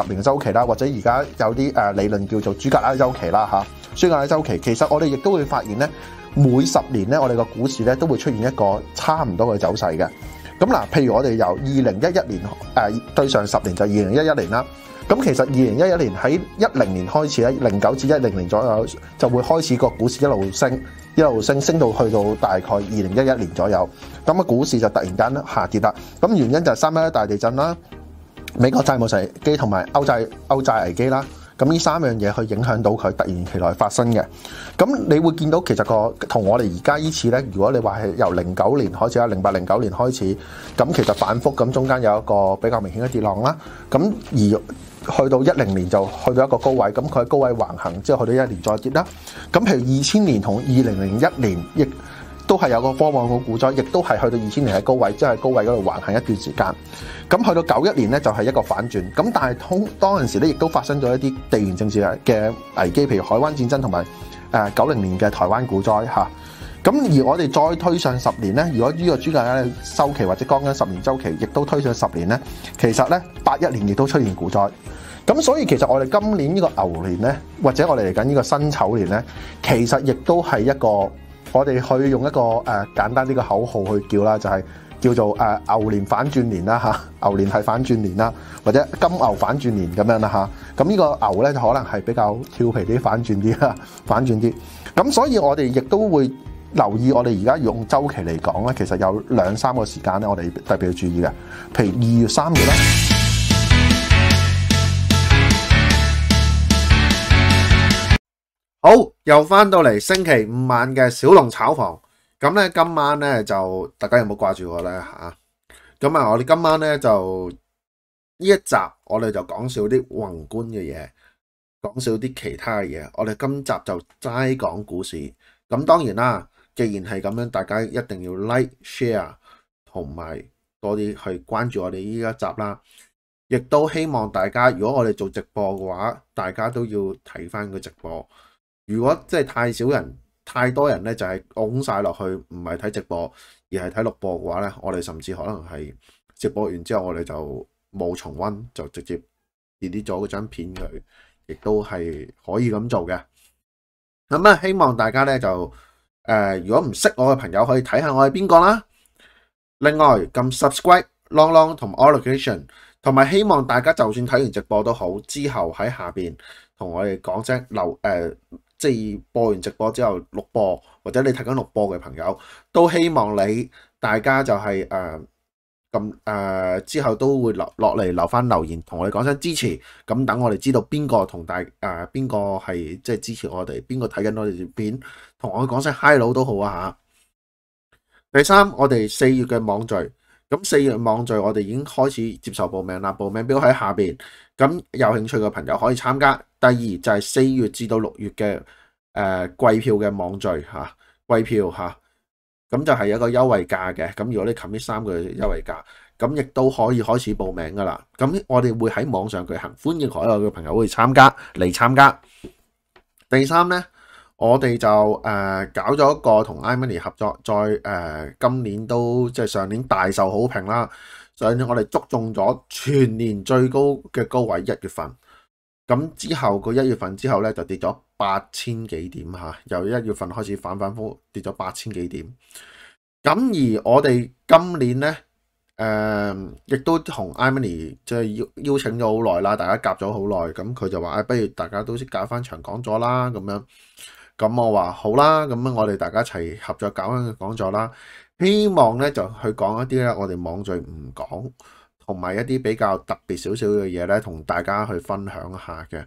十年嘅周期啦，或者而家有啲誒理論叫做朱格拉周期啦嚇。朱格拉周期其實我哋亦都會發現咧，每十年咧，我哋個股市咧都會出現一個差唔多嘅走勢嘅。咁嗱，譬如我哋由二零一一年誒對上十年就二零一一年啦。咁其實二零一一年喺一零年開始咧，零九至一零年左右就會開始個股市一路升，一路升，升到去到大概二零一一年左右。咁啊，股市就突然間下跌啦。咁原因就係三一一大地震啦。美國債務危機同埋歐債歐債危機啦，咁呢三樣嘢去影響到佢突然其來發生嘅。咁你會見到其實個同我哋而家呢次咧，如果你話係由零九年開始啦，零八零九年開始，咁其實反覆咁中間有一個比較明顯嘅跌浪啦。咁而去到一零年就去到一個高位，咁佢喺高位橫行之後去到一年再跌啦。咁譬如二千年同二零零一年亦。都係有個科網股股災，亦都係去到二千年喺高位，即係高位嗰度橫行一段時間。咁去到九一年咧，就係一個反轉。咁但係通當陣時咧，亦都發生咗一啲地緣政治嘅危機，譬如海灣戰爭同埋九零年嘅台灣股災嚇。咁而我哋再推上十年咧，如果呢個專家收期或者講緊十年週期，亦都推上十年咧，其實咧，八一年亦都出現股災。咁所以其實我哋今年呢個牛年咧，或者我哋嚟緊呢個辛丑年咧，其實亦都係一個。我哋去用一個誒、呃、簡單啲嘅口號去叫啦，就係、是、叫做誒牛年反轉年啦嚇，牛年係反轉年啦，或者金牛反轉年咁樣啦嚇。咁、啊、呢個牛咧就可能係比較俏皮啲、反轉啲啦。反轉啲。咁所以我哋亦都會留意，我哋而家用週期嚟講咧，其實有兩三個時間咧，我哋特別要注意嘅，譬如二月，月呢、三月啦。好，又翻到嚟星期五晚嘅小龍炒房，咁呢，今晚呢，就大家有冇掛住我呢？吓？咁啊，我哋今晚呢，就呢一集我哋就講少啲宏觀嘅嘢，講少啲其他嘅嘢，我哋今集就齋講股市。咁當然啦，既然係咁樣，大家一定要 like share 同埋多啲去關注我哋呢一集啦。亦都希望大家，如果我哋做直播嘅話，大家都要睇翻個直播。如果即係太少人、太多人咧，就係拱晒落去，唔係睇直播而係睇錄播嘅話咧，我哋甚至可能係直播完之後，我哋就冇重温，就直接 delete 咗嗰張片佢，亦都係可以咁做嘅。咁呢，希望大家咧就、呃、如果唔識我嘅朋友可以睇下我係邊個啦。另外，撳 subscribe、long long 同 allocation，同埋希望大家就算睇完直播都好，之後喺下面同我哋講聲留即係播完直播之後錄播，或者你睇緊錄播嘅朋友，都希望你大家就係誒咁誒之後都會落落嚟留翻留,留言，同我哋講聲支持。咁等我哋知道邊個同大誒邊個係即係支持我哋，邊個睇緊我哋片，同我哋講聲 hi 佬都好啊嚇，第三，我哋四月嘅網聚，咁四月網聚我哋已經開始接受報名啦，報名表喺下邊，咁有興趣嘅朋友可以參加。第二就係、是、四月至到六月嘅誒、呃、季票嘅網聚嚇、啊、季票嚇，咁、啊、就係一個優惠價嘅。咁如果你撳呢三個優惠價，咁亦都可以開始報名㗎喇。咁我哋會喺網上舉行，歡迎海外嘅朋友會參加嚟參加。第三呢，我哋就誒、呃、搞咗一個同 iMoney 合作，再誒、呃、今年都即係上年大受好評啦。上年我哋捉中咗全年最高嘅高位一月份。咁之後個一月份之後咧就跌咗八千幾點嚇，由一月份開始反反覆跌咗八千幾點。咁而我哋今年咧，誒、呃、亦都同艾米尼即係邀邀請咗好耐啦，大家夾咗好耐，咁佢就話、哎，不如大家都先搞翻場講座啦，咁樣。咁我話好啦，咁樣我哋大家一齊合作搞翻個講座啦，希望咧就去講一啲咧，我哋網聚唔講。同埋一啲比較特別少少嘅嘢咧，同大家去分享下嘅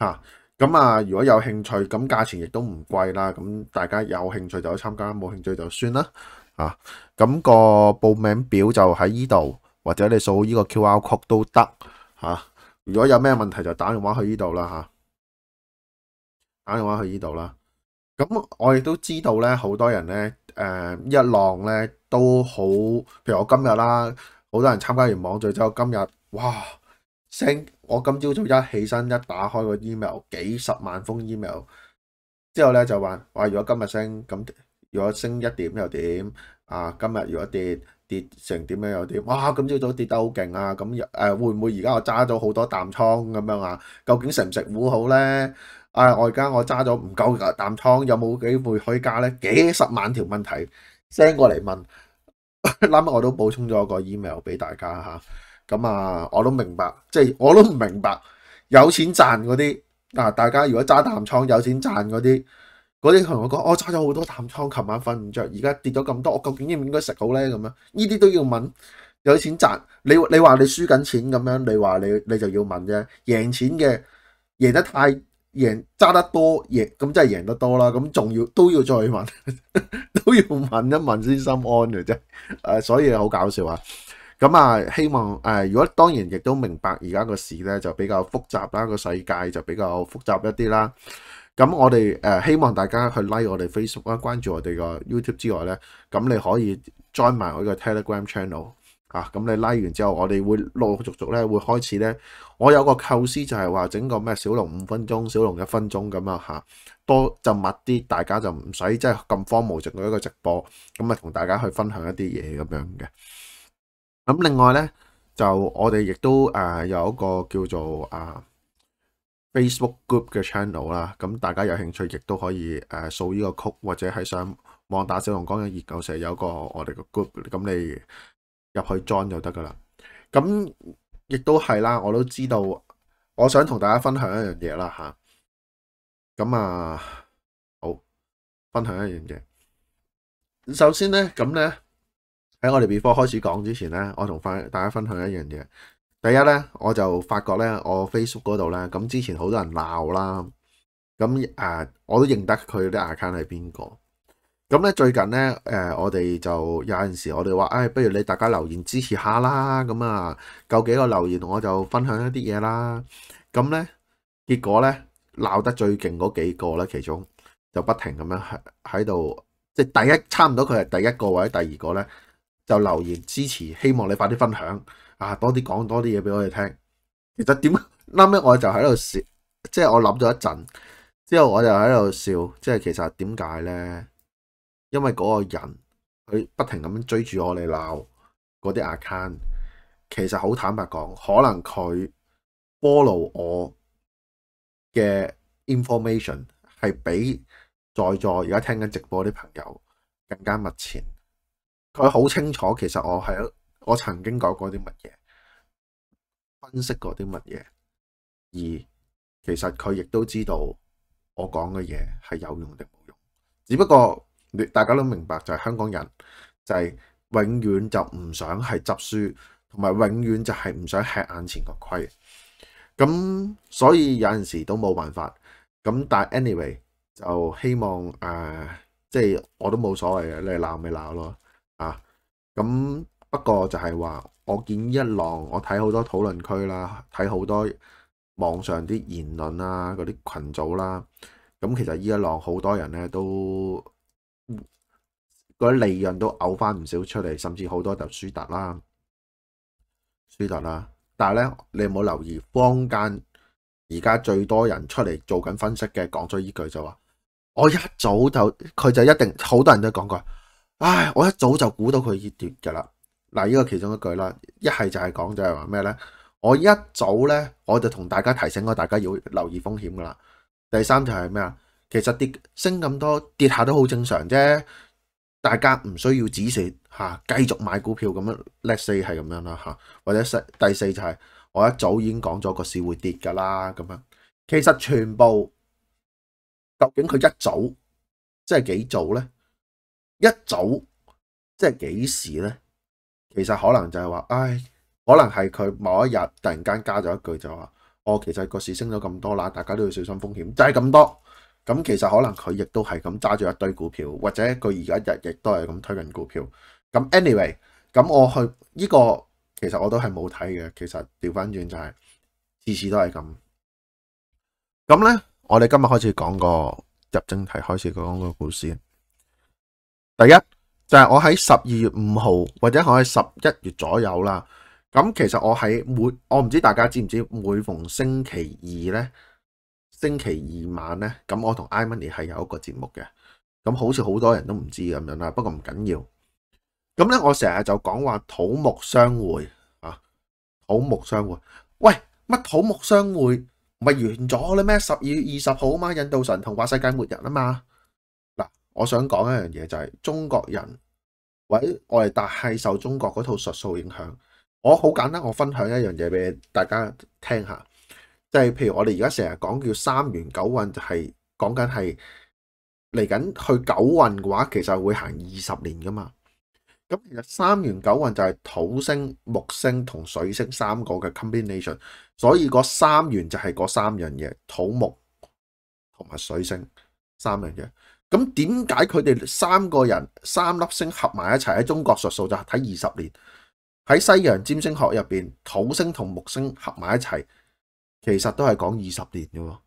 嚇。咁啊，如果有興趣，咁價錢亦都唔貴啦。咁大家有興趣就去參加，冇興趣就算啦。嚇，咁個報名表就喺依度，或者你掃呢個 QR code 都得嚇。如果有咩問題，就打電話去依度啦嚇。打電話去依度啦。咁我亦都知道咧，好多人咧，誒一浪咧都好，譬如我今日啦。好多人參加完網聚之後，今日哇升！我今朝早一起身一打開個 email，幾十萬封 email 之後咧就話：哇！如果今日升咁，如果升一點又點啊？今日如果跌跌成點樣又點？哇！今朝早跌得好勁啊！咁誒會唔會而家我揸咗好多淡倉咁樣啊？究竟食唔食糊好咧？啊！我而家我揸咗唔夠淡倉，有冇機會可以加咧？幾十萬條問題 send 過嚟問。嗱，乜 我都補充咗個 email 俾大家吓。咁啊，我都明白，即係我都唔明白有錢賺嗰啲啊。大家如果揸淡倉有錢賺嗰啲，嗰啲同我講，我揸咗好多淡倉，琴晚瞓唔着，而家跌咗咁多，我究竟應唔應該食好咧？咁樣呢啲都要問。有錢賺，你你話你輸緊錢咁樣，你話你你就要問啫。贏錢嘅贏得太。贏揸得多咁真係贏得多啦！咁仲要都要再問呵呵，都要問一問先心安嘅啫。所以好搞笑啊！咁啊，希望如果當然亦都明白而家個市咧就比較複雜啦，個世界就比較複雜一啲啦。咁我哋希望大家去 like 我哋 Facebook 啊，關注我哋個 YouTube 之外咧，咁你可以 join 埋我呢個 Telegram channel。啊，咁你拉完之後，我哋會陸陸續續咧，會開始咧。我有個構思就係話整個咩小龍五分鐘、小龍一分鐘咁啊嚇，多就密啲，大家就唔使即係咁荒無寂嗰一個直播，咁啊同大家去分享一啲嘢咁樣嘅。咁、啊、另外咧，就我哋亦都有一個叫做啊 Facebook Group 嘅 channel 啦、啊，咁大家有興趣亦都可以誒、啊、掃呢個 code，或者喺上網打小龍講嘅熱狗社有個我哋個 group，咁你。去入去 j 就得噶啦，咁亦都係啦，我都知道。我想同大家分享一樣嘢啦吓，咁啊好，分享一樣嘢。首先呢，咁呢，喺我哋 before 開始講之前呢，我同分大家分享一樣嘢。第一呢，我就發覺呢，我 Facebook 嗰度呢，咁之前好多人鬧啦，咁誒我都認得佢啲 account 係邊個。咁咧，最近咧，誒，我哋就有陣時候我，我哋話誒，不如你大家留言支持下啦。咁啊，夠幾個留言，我就分享一啲嘢啦。咁咧，結果咧，鬧得最勁嗰幾個咧，其中就不停咁樣喺喺度，即係第一差唔多，佢係第一個或者第二個咧，就留言支持，希望你快啲分享啊，多啲講多啲嘢俾我哋聽。其實點啱呢，後，我就喺度笑，即係我諗咗一陣之後，我就喺度笑，即係其實點解咧？因為嗰個人佢不停咁追住我哋鬧嗰啲 account，其實好坦白講，可能佢 follow 我嘅 information 係比在座而家聽緊直播啲朋友更加密切。佢好清楚，其實我係我曾經講過啲乜嘢，分析過啲乜嘢，而其實佢亦都知道我講嘅嘢係有用定冇用，只不過。大家都明白就係香港人就係永遠就唔想係執輸，同埋永遠就係唔想吃眼前個虧。咁所以有陣時都冇辦法。咁但係 anyway 就希望誒，即係我都冇所謂啊！你鬧咪鬧咯啊！咁不過就係話我見依一浪，我睇好多討論區啦，睇好多網上啲言論啊，嗰啲群組啦。咁其實依一浪好多人咧都～個利潤都嘔翻唔少出嚟，甚至好多就輸突啦、輸突啦。但係咧，你有冇留意坊間而家最多人出嚟做緊分析嘅，講咗呢句就話：我一早就佢就一定好多人都講過，唉，我一早就估到佢要跌噶啦。嗱，呢個其中一句啦，一係就係講就係話咩咧？我一早咧我就同大家提醒過大家要留意風險噶啦。第三就係咩啊？其實跌升咁多跌下都好正常啫。大家唔需要止蝕嚇，繼續買股票咁樣叻四係咁樣啦嚇，或者第四就係、是、我一早已經講咗個市會跌噶啦咁樣。其實全部究竟佢一早即係幾早呢？一早即係幾時呢？其實可能就係話，唉，可能係佢某一日突然間加咗一句就話，我、哦、其實個市升咗咁多啦，大家都要小心風險，就係、是、咁多。咁其實可能佢亦都係咁揸住一堆股票，或者佢而家日日都係咁推緊股票。咁 anyway，咁我去呢個其實我都係冇睇嘅。其實調返轉就係次次都係咁。咁呢，我哋今日開始講個入正題開始講個故事。第一就係我喺十二月五號，或者我喺十一月左右啦。咁其實我喺每，我唔知大家知唔知每逢星期二呢。星期二晚呢，咁我同 iMoney 係有一個節目嘅，咁好似好多人都唔知咁樣啦。不過唔緊要，咁呢，我成日就講話土木相會啊，土木相會。喂，乜土木相會？唔係完咗啦咩？十二月二十號嘛，印度神童話世界末日啊嘛。嗱，我想講一樣嘢就係、是、中國人，喂，我哋但係受中國嗰套術數影響。我好簡單，我分享一樣嘢俾大家聽下。就係譬如我哋而家成日講叫三元九運，就係講緊係嚟緊去九運嘅話，其實會行二十年噶嘛。咁其實三元九運就係土星、木星同水星三個嘅 combination，所以個三元就係嗰三樣嘢，土木同埋水星三樣嘢。咁點解佢哋三個人三粒星合埋一齊喺中國術數就睇二十年？喺西洋占星學入邊，土星同木星合埋一齊。其實都係講二十年嘅喎，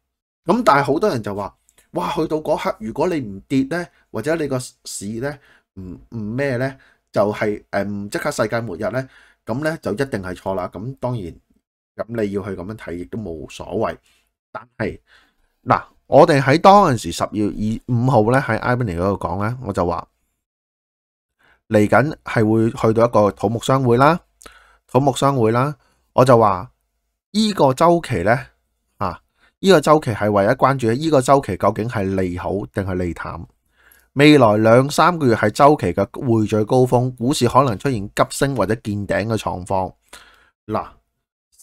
咁但係好多人就話：「哇，去到嗰刻，如果你唔跌咧，或者你個市咧，唔唔咩咧，就係誒，即刻世界末日咧，咁咧就一定係錯啦。咁當然，咁你要去咁樣睇，亦都冇所謂。但係嗱，我哋喺當陣時十月二五號咧，喺艾比尼嗰度講咧，我就話嚟緊係會去到一個土木商會啦，土木商會啦，我就話。呢個周期咧啊，呢、這個周期係唯一關注嘅。呢、這個周期究竟係利好定係利淡？未來兩三個月係周期嘅匯聚高峰，股市可能出現急升或者見頂嘅狀況。嗱，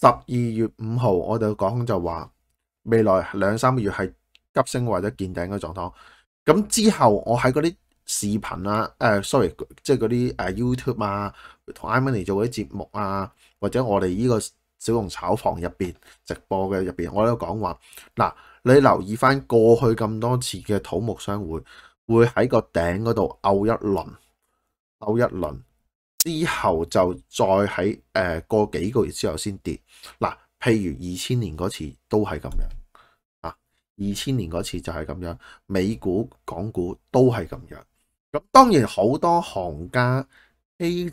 十二月五號我哋講就話，未來兩三個月係急升或者見頂嘅狀況。咁之後我喺嗰啲視頻、呃、sorry，啊，誒，sorry，即係嗰啲誒 YouTube 啊，同 iMoney 做嗰啲節目啊，或者我哋呢、這個。小熊炒房入邊直播嘅入邊，我都有講話。嗱，你留意翻過去咁多次嘅土木商會，會喺個頂嗰度拗一輪，拗一輪之後就再喺誒過幾個月之後先跌。嗱，譬如二千年嗰次都係咁樣啊，二千年嗰次就係咁樣，美股、港股都係咁樣。咁當然好多行家 a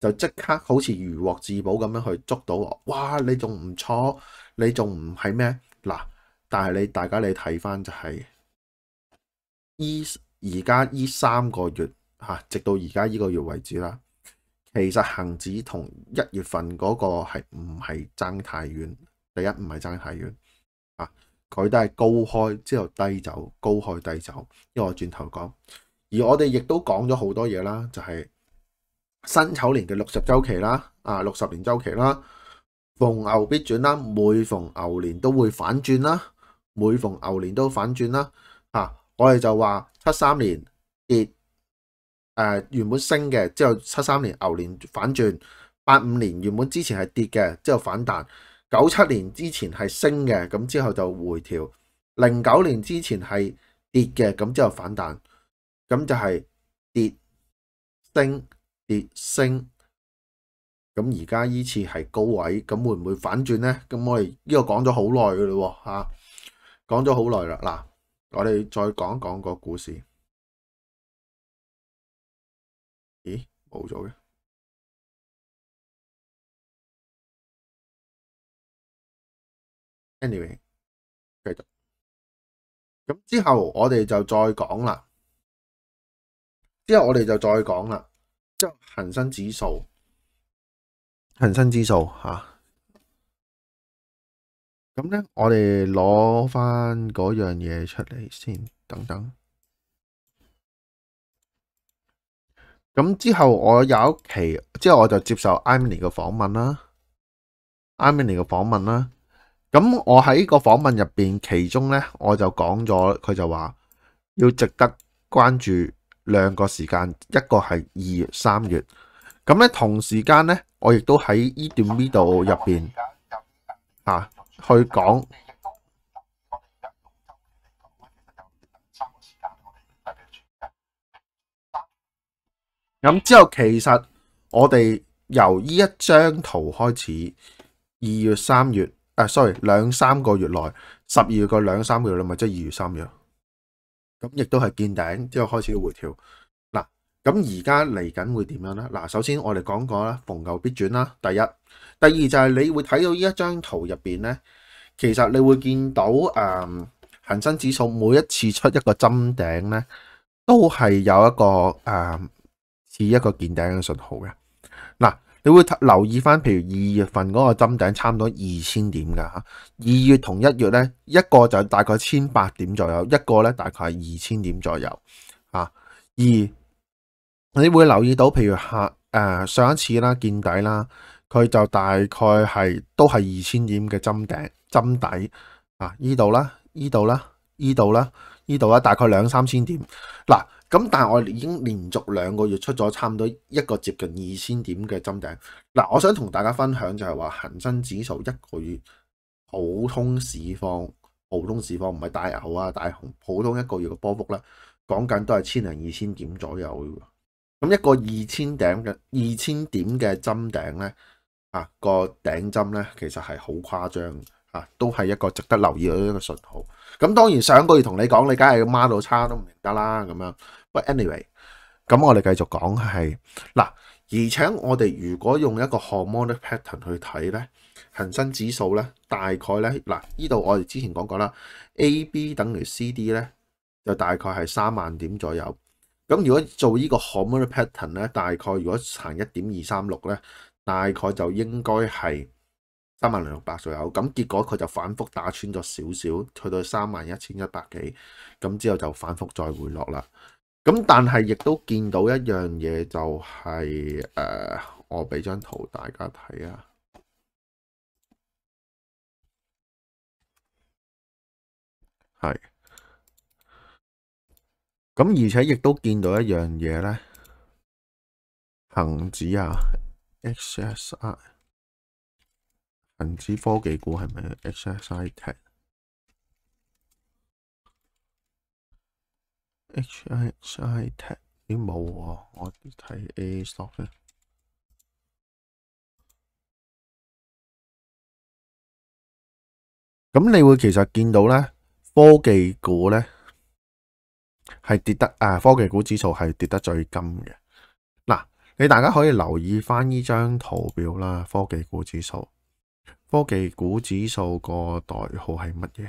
就即刻好似如獲至寶咁樣去捉到我，哇！你仲唔錯？你仲唔係咩？嗱，但係你大家你睇翻就係依而家依三個月吓，直到而家依個月為止啦。其實恒指同一月份嗰個係唔係爭太遠，第一唔係爭太遠啊，佢都係高開之後低走，高開低走。因為我轉頭講，而我哋亦都講咗好多嘢啦，就係、是。辛丑年嘅六十周期啦，啊，六十年周期啦，逢牛必轉啦，每逢牛年都會反轉啦，每逢牛年都反轉啦。吓、啊，我哋就話七三年跌，誒、呃，原本升嘅，之後七三年牛年反轉，八五年原本之前係跌嘅，之後反彈，九七年之前係升嘅咁之後就回調，零九年之前係跌嘅咁之後反彈，咁就係跌升。跌升，咁而家依次係高位，咁會唔會反轉呢？咁我哋呢個講咗好耐嘅喇，吓講咗好耐啦。嗱、啊，我哋再講講個故事。咦，冇咗嘅。Anyway，繼續。咁之後我哋就再講啦。之後我哋就再講啦。即恒生指數，恒生指數吓，咁呢我哋攞翻嗰樣嘢出嚟先。等等。咁之後，我有一期之後我就接受艾米尼嘅訪問啦，艾米尼嘅訪問啦。咁我喺個訪問入面，其中呢我就講咗，佢就話要值得關注。兩個時間，一個係二月、三月，咁咧同時間咧，我亦都喺呢段 video 入邊啊，去講。咁之後，其實我哋由呢一張圖開始，二月、三月，啊，誒，sorry，兩三個月內，十二月過兩三個月內，咪即係二月、三月，咁亦都係見頂，之後開始回調。嗱，咁而家嚟緊會點樣咧？嗱，首先我哋講過啦，逢牛必轉啦。第一，第二就係你會睇到呢一張圖入邊咧，其實你會見到誒恒生指數每一次出一個針頂咧，都係有一個誒似一個見頂嘅信號嘅。嗱。你會留意翻，譬如二月份嗰個針頂差唔多二千點噶吓，二月同一月咧，一個就大概千八點左右，一個咧大概係二千點左右啊。而你會留意到，譬如下誒上一次啦見底啦，佢就大概係都係二千點嘅針頂針底啊，呢度啦，呢度啦，呢度啦，呢度啦，大概兩三千點嗱。咁但係我已經連續兩個月出咗差唔多一個接近二千點嘅針頂。嗱，我想同大家分享就係話恆生指數一個月普通市況，普通市況唔係大牛啊，大熊，普通一個月嘅波幅呢，講緊都係千零二千點左右。咁一個二千頂嘅二千點嘅針頂咧，啊個頂針咧其實係好誇張啊，都係一個值得留意嘅一個信號。咁當然上個月同你講，你梗係掹到差都唔得啦咁樣。But anyway，咁我哋繼續講係嗱，而且我哋如果用一個 harmonic pattern 去睇咧，恒生指數咧大概咧，嗱，呢度我哋之前講過啦，AB 等於 CD 咧，就大概係三萬點左右。咁如果做呢個 harmonic pattern 咧，大概如果行一點二三六咧，大概就應該係。三萬零六百左右，咁結果佢就反覆打穿咗少少，去到三萬一千一百幾，咁之後就反覆再回落啦。咁但係亦都見到一樣嘢，就係，就、呃、係我俾張圖大家睇啊，係。咁而且亦都見到一樣嘢呢，恒指啊，HSI。恒指科技股係咪？HSI Tech？HSI Tech？咦，冇喎，我睇 A Stock 咧。咁你會其實見到咧，科技股咧係跌得誒、啊，科技股指數係跌得最勁嘅。嗱，你大家可以留意翻呢張圖表啦，科技股指數。科技股指數個代號係乜嘢？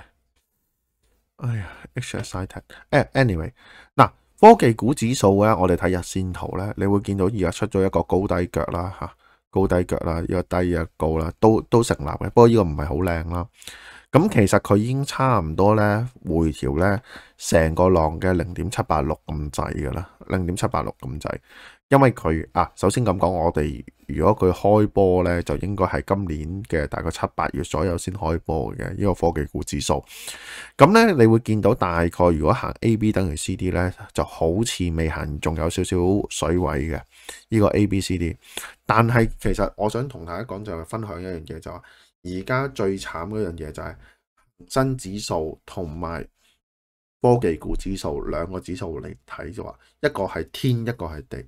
哎呀，HSI。誒，anyway，嗱，科技股指數咧，我哋睇日線圖咧，你會見到而家出咗一個高低腳啦，吓高低腳啦，一個低一個高啦，都都成立嘅。這不過呢個唔係好靚啦咁其實佢已經差唔多咧，回調咧成個浪嘅零點七八六咁滯噶啦，零點七八六咁滯。因為佢啊，首先咁講，我哋如果佢開波咧，就應該係今年嘅大概七八月左右先開波嘅呢個科技股指數。咁咧你會見到大概如果行 A B 等於 C D 咧，就好似未行，仲有少少水位嘅呢、這個 A B C D，但係其實我想同大家講就係、是、分享一樣嘢，就是、就話。而家最慘嗰樣嘢就係恒生指數同埋科技股指數兩個指數嚟睇，就話一個係天，一個係地。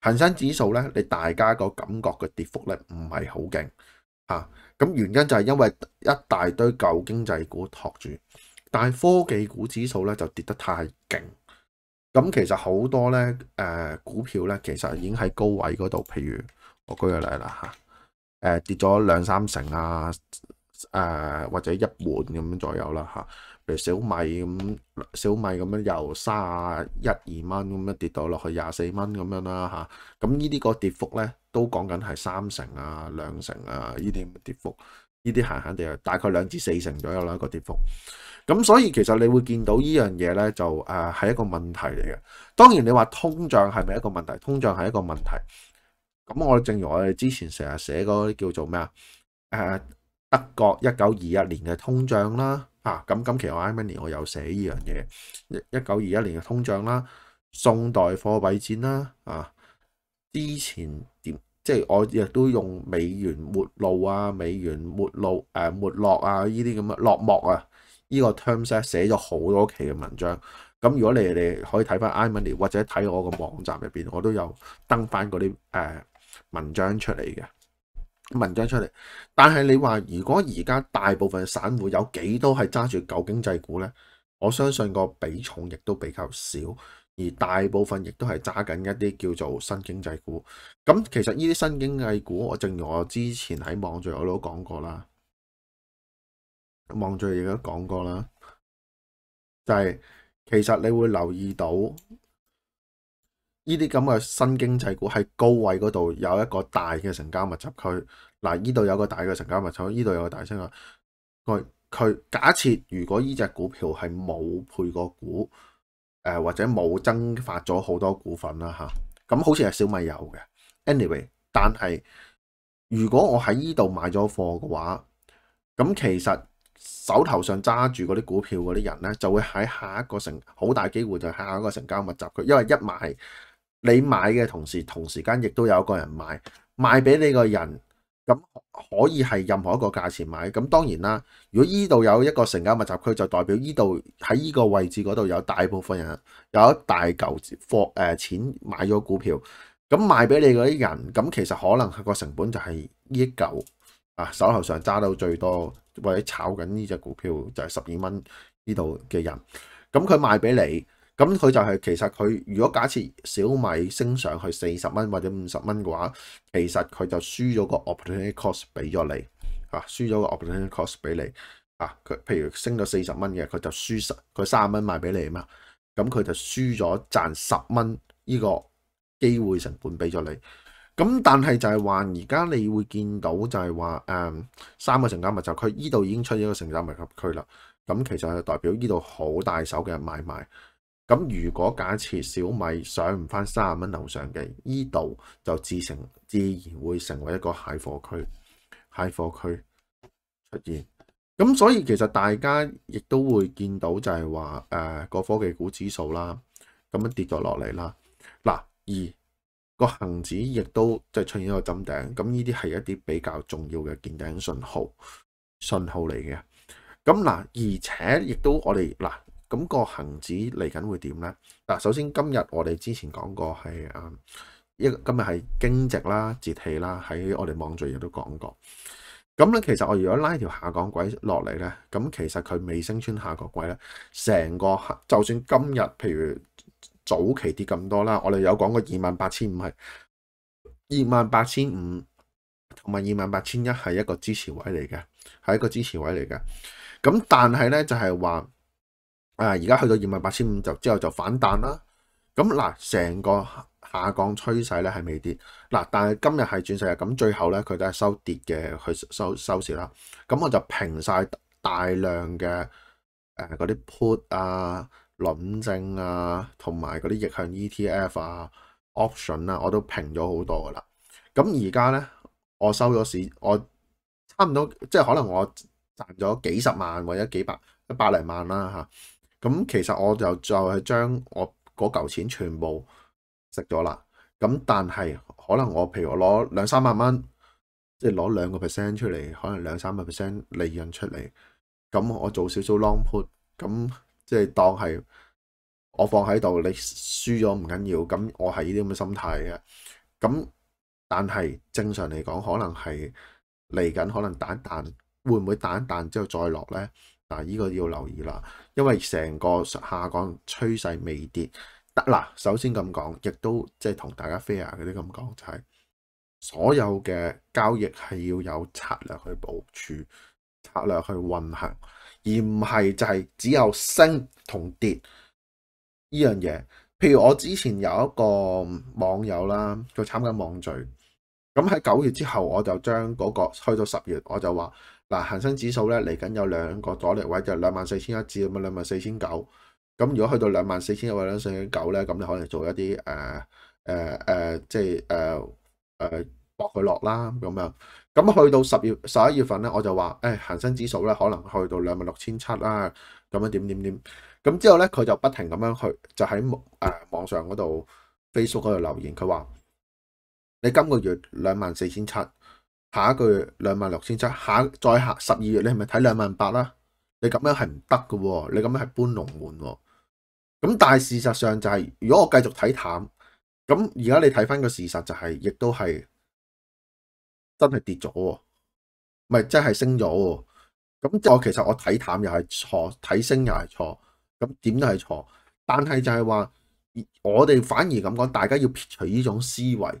恒生指數呢，你大家個感覺嘅跌幅呢，唔係好勁吓，咁原因就係因為一大堆舊經濟股托住，但係科技股指數呢就跌得太勁，咁其實好多呢誒、呃、股票呢，其實已經喺高位嗰度，譬如我舉個例啦吓。誒，跌咗兩三成啊，誒或者一半咁樣左右啦吓，譬如小米咁，小米咁樣由三十一二蚊咁樣跌到落去廿四蚊咁樣啦吓，咁呢啲個跌幅咧，都講緊係三成啊、兩成啊呢啲跌幅，呢啲閒閒哋啊，大概兩至四成左右啦一，那個跌幅，咁所以其實你會見到呢樣嘢咧，就誒係一個問題嚟嘅，當然你話通脹係咪一個問題？通脹係一個問題。咁我正如我哋之前成日寫嗰啲叫做咩啊？誒德國一九二一年嘅通脹啦、啊，嚇、啊、咁今期我 iMoney 我有寫呢樣嘢，一九二一年嘅通脹啦、啊，宋代貨幣戰啦、啊，啊之前點即係我亦都用美元末路啊，美元末路誒末、啊、落啊，呢啲咁嘅落幕啊，呢、這個 terms、啊、寫咗好多期嘅文章。咁如果你哋可以睇翻 iMoney 或者睇我個網站入邊，我都有登翻嗰啲誒。啊文章出嚟嘅文章出嚟，但係你話如果而家大部分散戶有幾多係揸住舊經濟股呢？我相信個比重亦都比較少，而大部分亦都係揸緊一啲叫做新經濟股。咁其實呢啲新經濟股，我正如我之前喺網聚我都講過啦，網聚亦都講過啦，就係其實你會留意到。呢啲咁嘅新經濟股喺高位嗰度有一個大嘅成交密集區，嗱，呢度有一個大嘅成交密集區，呢度有一個大升啊，區。佢假設如果呢隻股票係冇配過股，呃、或者冇增發咗好多股份啦嚇，咁、啊、好似係小米有嘅。Anyway，但係如果我喺呢度買咗貨嘅話，咁其實手頭上揸住嗰啲股票嗰啲人呢，就會喺下一個成好大機會就喺下一個成交密集區，因為一買。你買嘅同時，同時間亦都有一個人買，賣俾你嘅人，咁可以係任何一個價錢買。咁當然啦，如果呢度有一個成交密集區，就代表呢度喺呢個位置嗰度有大部分人有一大嚿貨誒錢買咗股票，咁賣俾你嗰啲人，咁其實可能係個成本就係呢嚿啊手頭上揸到最多或者炒緊呢隻股票就係十二蚊呢度嘅人，咁佢賣俾你。咁佢就係、是、其實佢如果假設小米升上去四十蚊或者五十蚊嘅話，其實佢就輸咗個 opportunity cost 俾咗你嚇、啊，輸咗個 opportunity cost 俾你啊。佢譬如升咗四十蚊嘅，佢就輸十佢三十蚊賣俾你啊嘛，咁佢就輸咗賺十蚊呢個機會成本俾咗你。咁但係就係話而家你會見到就係話、嗯、三個成交物就區呢度已經出咗個成交物級區啦。咁其實係代表呢度好大手嘅買賣。咁如果假設小米上唔翻三十蚊樓上嘅呢度，這就自成自然會成為一個蟹貨區、蟹貨區出現。咁所以其實大家亦都會見到就係話誒，個科技股指數啦，咁樣跌咗落嚟啦。嗱，而個恒指亦都即係出現一個針頂，咁呢啲係一啲比較重要嘅見頂信號信號嚟嘅。咁嗱，而且亦都我哋嗱。咁個恆指嚟緊會點呢？嗱，首先今日我哋之前講過係一今日係驚蟄啦，節氣啦，喺我哋網聚亦都講過。咁咧，其實我如果拉條下降軌落嚟呢，咁其實佢未升穿下降軌呢，成個就算今日譬如早期跌咁多啦，我哋有講過二萬八千五係二萬八千五同埋二萬八千一係一個支持位嚟嘅，係一個支持位嚟嘅。咁但係呢，就係話。啊！而家去到二萬八千五就之後就反彈啦。咁嗱，成個下降趨勢咧係未跌嗱，但係今日係轉勢啊！咁最後咧佢都係收跌嘅，去收收市啦。咁我就平晒大量嘅誒嗰啲 put 啊、輪證啊，同埋嗰啲逆向 ETF 啊、option 啊，我都平咗好多噶啦。咁而家咧我收咗市，我差唔多即係、就是、可能我賺咗幾十萬或者幾百一百零萬啦嚇。咁其實我就就係將我嗰嚿錢全部食咗啦。咁但係可能我譬如我攞兩三萬蚊，即係攞兩個 percent 出嚟，可能兩三百 percent 利潤出嚟。咁我做少少 long put，咁即係當係我放喺度，你輸咗唔緊要。咁我係呢啲咁嘅心態嘅。咁但係正常嚟講，可能係嚟緊，可能彈一彈，會唔會彈一彈之後再落咧？嗱，呢個要留意啦，因為成個下降趨勢未跌得啦，首先咁講，亦都即係同大家 share 嗰啲咁講，就係所有嘅交易係要有策略去部署，策略去運行，而唔係就係只有升同跌呢樣嘢。譬如我之前有一個網友啦，做參加網聚，咁喺九月之後，我就將嗰、嗰個去到十月，我就話。嗱，恒生指數咧嚟緊有兩個阻力位，就係兩萬四千一至咁樣兩萬四千九。咁如果去到兩萬四千一或者兩萬四千九咧，咁你可能做一啲誒誒誒，即係誒誒落去落啦咁樣。咁去到十月十一月份咧，我就話誒，恒生指數咧可能去到兩萬六千七啦，咁樣點點點。咁之後咧，佢就不停咁樣去，就喺誒網上嗰度 Facebook 嗰度留言，佢話你今個月兩萬四千七。下一個月兩萬六千七，下再下十二月，你係咪睇兩萬八啦？你咁樣係唔得喎。你咁樣係搬龍門。咁但係事實上就係、是，如果我繼續睇淡，咁而家你睇翻個事實就係、是，亦都係真係跌咗，喎、就是，係真係升咗。咁我其實我睇淡又係錯，睇升又係錯，咁點都係錯。但係就係話，我哋反而咁講，大家要撇除呢種思維，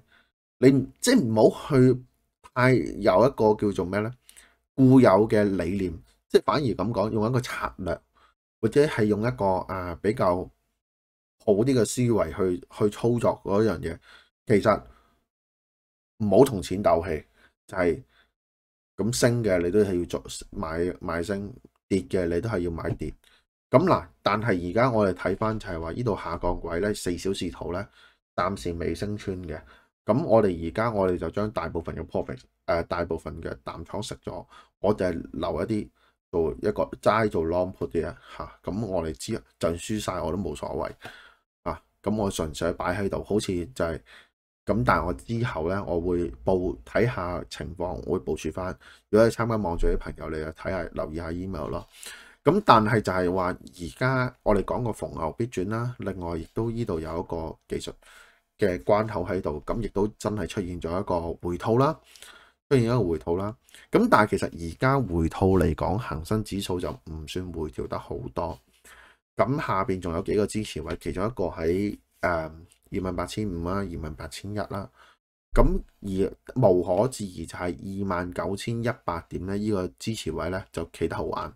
你即係唔好去。係、哎、有一個叫做咩咧固有嘅理念，即係反而咁講，用一個策略或者係用一個啊比較好啲嘅思維去去操作嗰樣嘢。其實唔好同錢鬥氣，就係、是、咁升嘅你都係要作買買升，跌嘅你都係要買跌。咁嗱，但係而家我哋睇翻就係話呢度下降軌咧，四小時圖咧暫時未升穿嘅。咁我哋而家我哋就將大部分嘅 profit，大部分嘅淡倉食咗，我哋留一啲做一個齋做 long put 嘅嚇。咁、啊、我哋就盡輸晒我都冇所謂啊。咁我純粹擺喺度，好似就係、是、咁。但係我之後咧，我會部睇下情況，會部署翻。如果你參加網聚啲朋友，你就睇下留意下 email 咯。咁、啊、但係就係話，而家我哋講個逢牛必轉啦。另外亦都依度有一個技術。嘅關口喺度，咁亦都真係出現咗一個回吐啦，出現一個回吐啦。咁但係其實而家回吐嚟講，恒生指數就唔算回調得好多。咁下面仲有幾個支持位，其中一個喺二萬八千五啦，二萬八千一啦。咁而無可置疑就係二萬九千一百點咧，呢個支持位咧就企得好穩。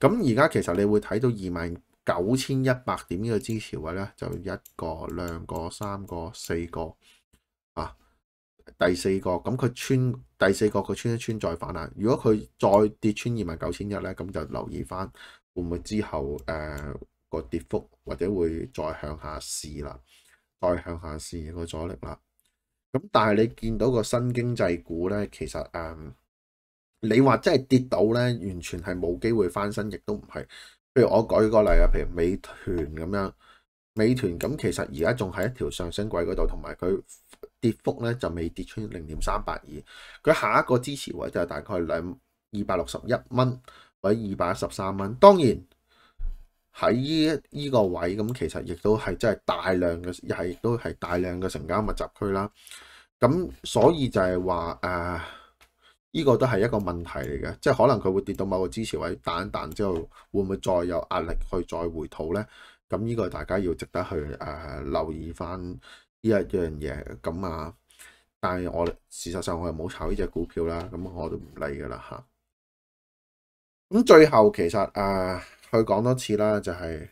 咁而家其實你會睇到二萬九千一百點呢個支持位咧，就一個、兩個、三個、四個啊，第四個咁佢穿第四個佢穿一穿再反彈。如果佢再跌穿二萬九千一咧，咁就留意翻會唔會之後誒個、呃、跌幅或者會再向下試啦，再向下試個阻力啦。咁但係你見到個新經濟股咧，其實誒、嗯、你話真係跌到咧，完全係冇機會翻身，亦都唔係。譬如我舉個例啊，譬如美團咁樣，美團咁其實而家仲喺一條上升軌嗰度，同埋佢跌幅咧就未跌穿零點三八二，佢下一個支持位就係大概兩二百六十一蚊或者二百一十三蚊。當然喺依依個位咁，其實亦都係即係大量嘅，亦都係大量嘅成交密集區啦。咁所以就係話誒。呃呢個都係一個問題嚟嘅，即係可能佢會跌到某個支持位彈一彈之後，會唔會再有壓力去再回吐呢？咁、這、呢個大家要值得去誒、呃、留意翻呢一樣嘢咁啊。但係我事實上我又冇炒呢隻股票啦，咁我都唔理噶啦吓，咁最後其實啊、呃，去講多次啦，就係、是、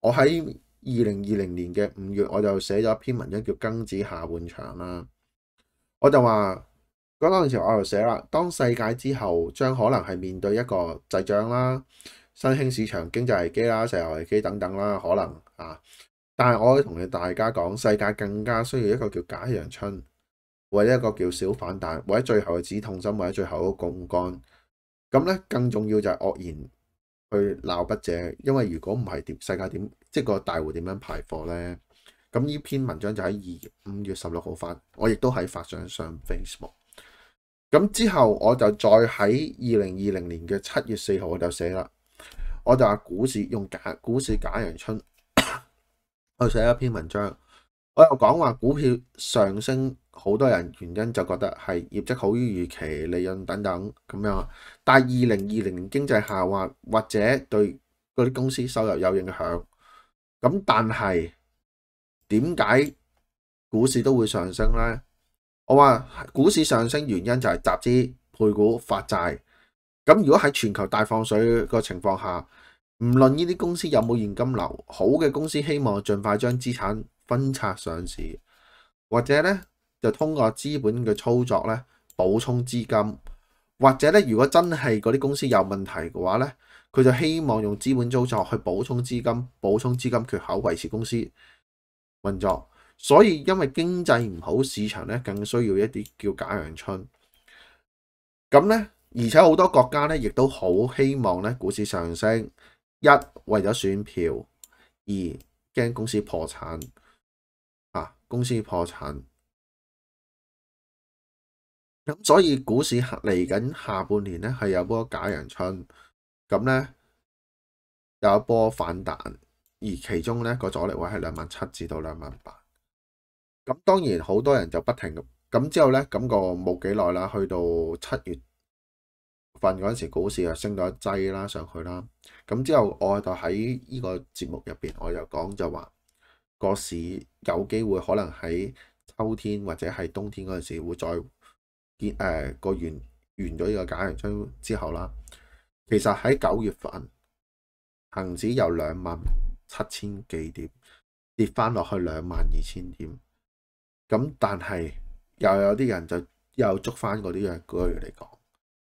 我喺二零二零年嘅五月，我就寫咗一篇文章叫《庚子下半場》啦，我就話。嗰陣時，我又寫啦，當世界之後將可能係面對一個滯脹啦、新興市場經濟危機啦、石油危機等等啦，可能啊。但係我要同你大家講，世界更加需要一個叫假陽春，或者一個叫小反彈，或者最後嘅止痛針，或者最後嘅槓桿。咁咧，更重要就係惡言去鬧筆者，因為如果唔係點，世界點即係個大戶點樣排貨咧？咁呢篇文章就喺二五月十六號發，我亦都喺發上上 Facebook。咁之後，我就再喺二零二零年嘅七月四號，我就寫啦，我就話股市用假股市假陽春去 寫一篇文章，我又講話股票上升，好多人原因就覺得係業績好於預期、利潤等等咁樣。但二零二零年經濟下滑，或者對嗰啲公司收入有影響。咁但係點解股市都會上升呢？我話股市上升原因就係集資、配股、發債，咁如果喺全球大放水個情況下，唔論呢啲公司有冇現金流，好嘅公司希望盡快將資產分拆上市，或者呢就通過資本嘅操作呢補充資金，或者呢，如果真係嗰啲公司有問題嘅話呢，佢就希望用資本操作去補充資金，補充資金缺口，維持公司運作。所以，因為經濟唔好，市場咧更需要一啲叫假陽春。咁呢，而且好多國家呢亦都好希望呢股市上升，一為咗選票，二驚公司破產。啊，公司破產。咁所以股市嚟緊下半年呢係有波假陽春，咁呢，有一波反彈，而其中呢個阻力位係兩萬七至到兩萬八。咁當然好多人就不停咁，之後呢，咁、咁個冇幾耐啦，去到七月份嗰陣時，股市就升咗一劑啦上去啦。咁之後我就喺呢個節目入邊，我就講就話個市有機會可能喺秋天或者係冬天嗰陣時會再結誒個完完咗呢個假期之後啦。其實喺九月份恒指由兩萬七千幾點跌翻落去兩萬二千點。咁但係又有啲人就又捉翻嗰啲嘢，舉例嚟講，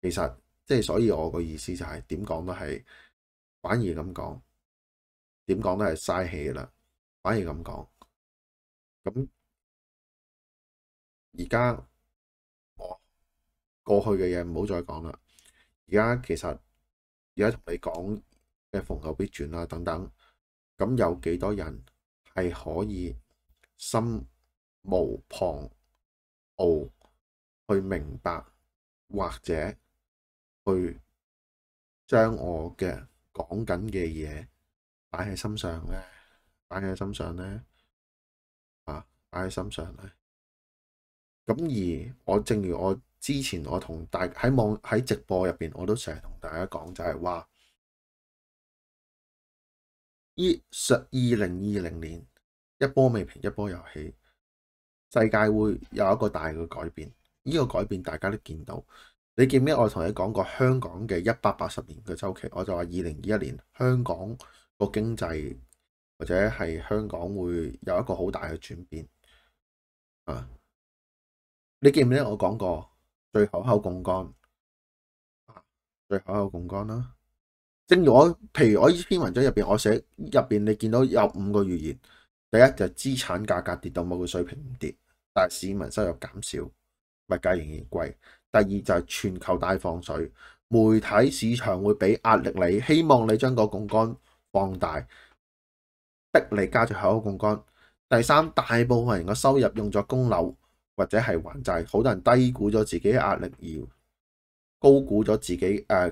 其實即係、就是、所以我個意思就係點講都係，反而咁講，點講都係嘥氣啦。反而咁講，咁而家我過去嘅嘢唔好再講啦。而家其實而家同你講嘅逢九必轉啊等等，咁有幾多人係可以心無旁騖去明白，或者去將我嘅講緊嘅嘢，擺喺心上咧，擺喺心上咧，啊，擺喺心上咧。咁而我正如我之前我同大家喺網喺直播入邊，我都成日同大家講就係話，二零二零年一波未平一波又起。世界會有一個大嘅改變，呢、這個改變大家都見到。你記唔記得我同你講過香港嘅一百八十年嘅周期，我就話二零二一年香港個經濟或者係香港會有一個好大嘅轉變，啊、你記唔記得我講過最好口槓桿？最好口槓桿啦。正如我譬如我呢篇文章入面，我寫入面你見到有五個預言，第一就是，資產價格跌到某個水平唔跌。但市民收入減少，物價仍然貴。第二就係全球大放水，媒體市場會俾壓力你，希望你將個槓桿放大，逼你加住好多槓桿。第三，大部分人嘅收入用作供樓或者係還債，好多人低估咗自己嘅壓力而高估咗自己誒、呃，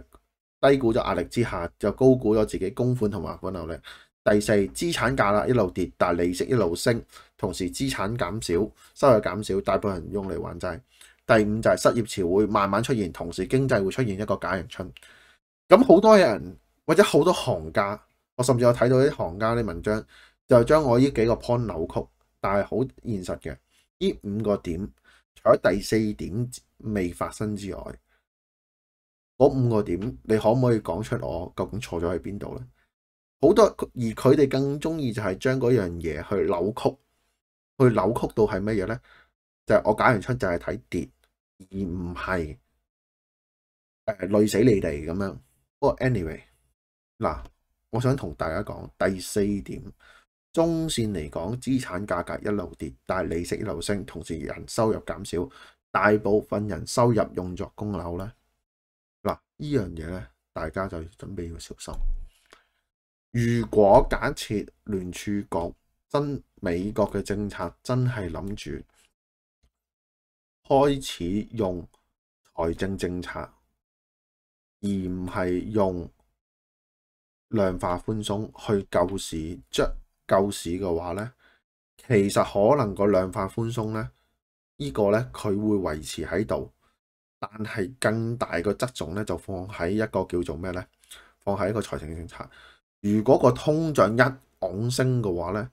低估咗壓力之下就高估咗自己的供款同還款能力。第四，資產價啦一路跌，但是利息一路升。同時資產減少，收入減少，大部分人用嚟還債。第五就係失業潮會慢慢出現，同時經濟會出現一個假人春。咁好多人或者好多行家，我甚至有睇到啲行家啲文章，就將我呢幾個 point 扭曲，但係好現實嘅。呢五個點，除咗第四點未發生之外，嗰五個點你可唔可以講出我究竟錯咗喺邊度呢？好多而佢哋更鍾意就係將嗰樣嘢去扭曲。佢扭曲到係乜嘢呢？就係、是、我解完出就係睇跌，而唔係累死你哋咁樣。不過 anyway，嗱，我想同大家講第四點，中線嚟講，資產價格一路跌，但係利息一路升，同時人收入減少，大部分人收入用作供樓呢。嗱，呢樣嘢呢，大家就準備要小心。如果假設聯儲局，新美國嘅政策真係諗住開始用財政政策，而唔係用量化寬鬆去救市。將救市嘅話呢，其實可能個量化寬鬆呢，呢、呢個呢，佢會維持喺度，但係更大嘅側重呢，就放喺一個叫做咩呢？放喺一個財政政策。如果個通脹一昂升嘅話呢。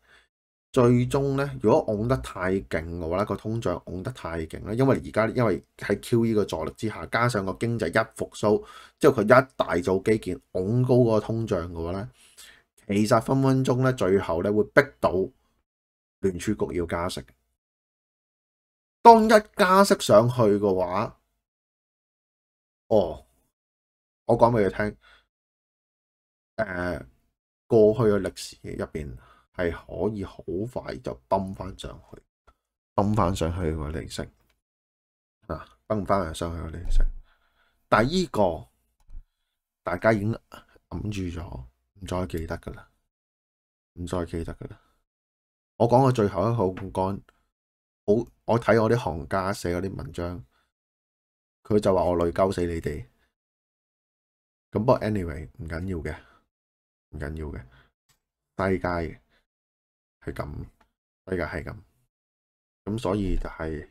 最終呢，如果拱得太勁嘅話，呢個通脹拱得太勁咧，因為而家因為喺 QE 嘅助力之下，加上個經濟一復蘇，之後佢一大造基建，拱高個通脹嘅話呢，其實分分鐘呢，最後呢會逼到聯儲局要加息。當一加息上去嘅話，哦，我講俾你聽，誒、呃，過去嘅歷史入邊。係可以好快就掹翻上去，掹翻上去個利息啊，掹翻上去個利息，但係依、呢個大家已經揞住咗，唔再記得㗎啦，唔再記得㗎啦。我講過最後一口乾，好，我睇我啲行家寫嗰啲文章，佢就話我累鳩死你哋。咁不過 anyway 唔緊要嘅，唔緊要嘅，低階嘅。係咁，呢個係咁，咁所以就係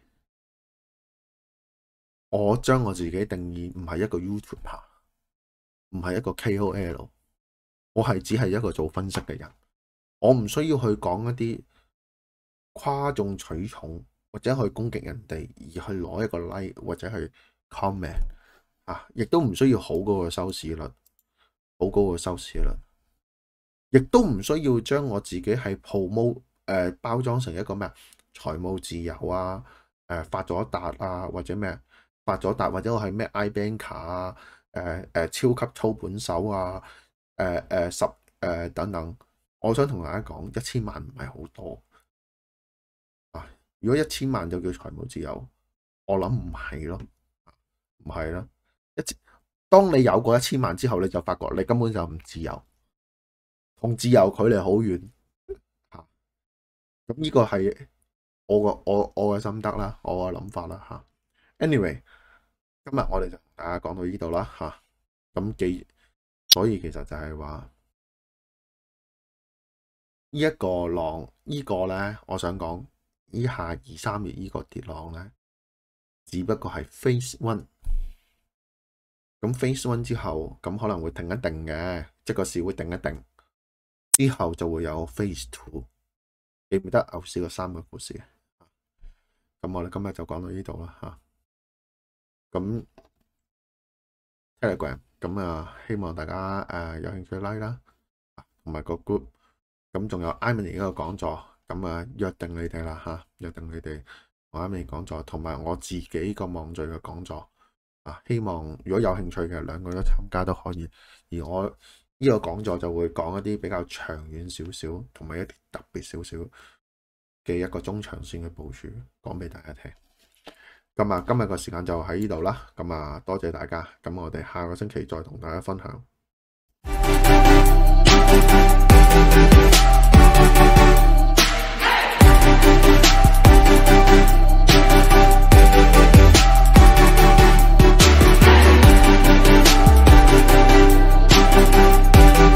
我將我自己定義唔係一個 YouTuber，唔係一個 KOL，我係只係一個做分析嘅人，我唔需要去講一啲嘩眾取寵或者去攻擊人哋而去攞一個 like 或者去 comment 啊，亦都唔需要好高嘅收視率，好高嘅收視率。亦都唔需要將我自己係 promote 誒包裝成一個咩啊財務自由啊誒、呃、發咗達啊或者咩發咗達或者我係咩 I Bank 卡、er、啊誒誒、呃、超級操盤手啊誒誒、呃呃、十誒、呃、等等，我想同大家講，一千萬唔係好多啊，如果一千萬就叫財務自由，我諗唔係咯，唔係囉，一當你有過一千萬之後，你就發覺你根本就唔自由。同自由距離好遠，咁呢個係我個我我嘅心得啦，我嘅諗法啦吓。Anyway，今日我哋就大家講到呢度啦吓。咁既，所以其實就係話呢一個浪，這個、呢個咧，我想講呢下二三月呢個跌浪咧，只不過係 phase one。咁 phase one 之後，咁可能會停一停嘅，即係個市會停一停。之後就會有 Phase Two，記唔記得牛市個三個故事啊？咁我哋今日就講到呢度啦嚇。咁 Telegram 咁啊，希望大家誒、啊、有興趣 like 啦、啊，同埋個 group、啊。咁仲有 Emily 一個講座，咁啊約定你哋啦嚇，約定你哋、啊、我 Emily 講座同埋我自己個網聚嘅講座啊。希望如果有興趣嘅兩個都參加都可以，而我。呢個講座就會講一啲比較長遠少少，同埋一啲特別少少嘅一個中長線嘅部署，講俾大家聽。咁啊，今日個時間就喺呢度啦。咁啊，多謝大家。咁我哋下個星期再同大家分享。